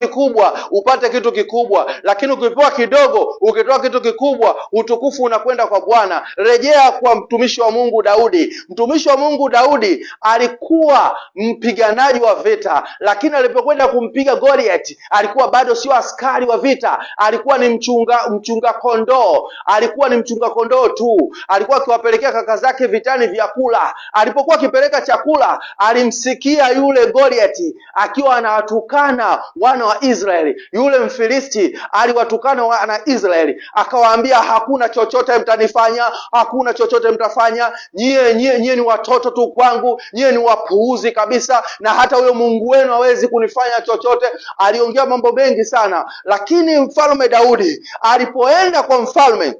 kikubwa upate kitu kikubwa, lakini ukipewa kidogo ukitoa kitu kikubwa, utukufu unakwenda kwa Bwana. Rejea kwa mtumishi wa Mungu Daudi. Mtumishi wa Mungu Daudi alikuwa mpiganaji wa vita, lakini alipokwenda kumpiga Goliath alikuwa bado sio askari wa vita, alikuwa ni mchunga mchunga kondoo, alikuwa ni mchunga kondoo tu. Alikuwa akiwapelekea kaka zake vitani vyakula. Alipokuwa akipeleka chakula, alimsikia yule Goliath akiwa anawatukana wana wa Israeli, yule Mfilisti aliwatukana wana Israeli, akawaambia hakuna chochote mtanifanya, hakuna chochote mtafanya nyie, nyie, nyie ni watoto tu kwangu, nyie ni wapuuzi kabisa, na hata huyo Mungu wenu hawezi kunifanya chochote. Aliongea mambo mengi sana, lakini mfalme Daudi alipoenda kwa mfalme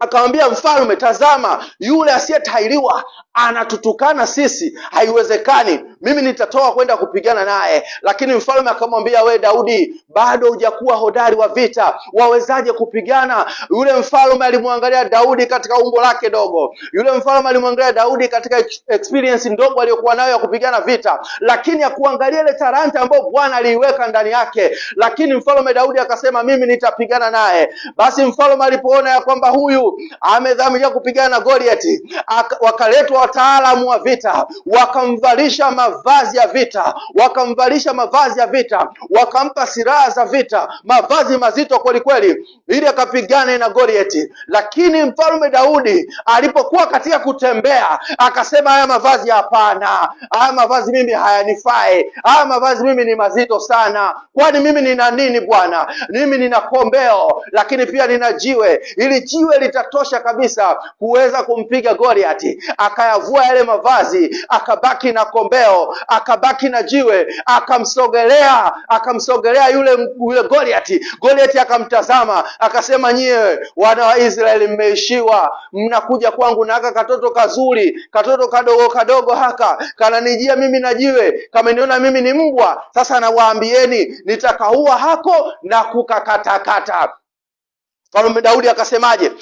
akamwambia mfalme, tazama, yule asiyetahiriwa anatutukana sisi, haiwezekani mimi nitatoa kwenda kupigana naye. Lakini mfalme akamwambia, we Daudi, bado hujakuwa hodari wa vita, wawezaje kupigana? Yule mfalme alimwangalia Daudi katika umbo lake dogo, yule mfalme alimwangalia Daudi katika experience ndogo aliyokuwa nayo ya kupigana vita, lakini akuangalia ile talanta ambayo Bwana aliiweka ndani yake. Lakini mfalme Daudi akasema, mimi nitapigana naye. Basi mfalme alipoona ya kwamba huyu amedhamiria kupigana na Goliath, wakaletwa wataalamu wa vita, wakamvalisha mavazi ya vita, wakamvalisha mavazi ya vita, wakampa silaha za vita, mavazi mazito kwelikweli, ili akapigane na Goliati. Lakini mfalme Daudi alipokuwa katika kutembea, akasema haya mavazi hapana, haya mavazi mimi hayanifai, haya mavazi mimi ni mazito sana, kwani mimi nina nini Bwana? Mimi nina kombeo, lakini pia nina jiwe, ili jiwe litatosha kabisa kuweza kumpiga Goliati. Akayavua yale mavazi, akabaki na kombeo yao, akabaki na jiwe, akamsogelea akamsogelea yule yule Goliati. Goliati akamtazama akasema, nyewe wana wa Israeli mmeishiwa, mnakuja kwangu na haka katoto kazuri, katoto kadogo kadogo haka kananijia mimi na jiwe, kameniona mimi ni mbwa. Sasa nawaambieni nitakaua hako na kukakatakata. Mfalme Daudi akasemaje?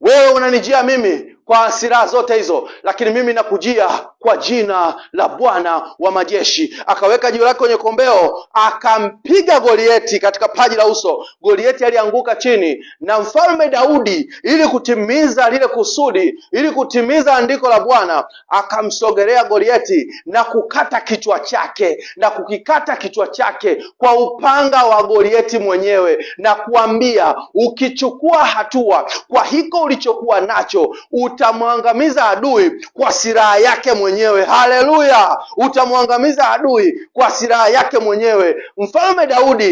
Wewe unanijia mimi kwa silaha zote hizo, lakini mimi nakujia kwa jina la Bwana wa majeshi. Akaweka jiwe lake kwenye kombeo, akampiga Golieti katika paji la uso. Golieti alianguka chini, na mfalme Daudi, ili kutimiza lile kusudi, ili kutimiza andiko la Bwana, akamsogelea Golieti na kukata kichwa chake, na kukikata kichwa chake kwa upanga wa Golieti mwenyewe, na kuambia ukichukua hatua kwa hiko ulichokuwa nacho utamwangamiza adui kwa silaha yake mwenyewe. Haleluya! Utamwangamiza adui kwa silaha yake mwenyewe. Mfalme Daudi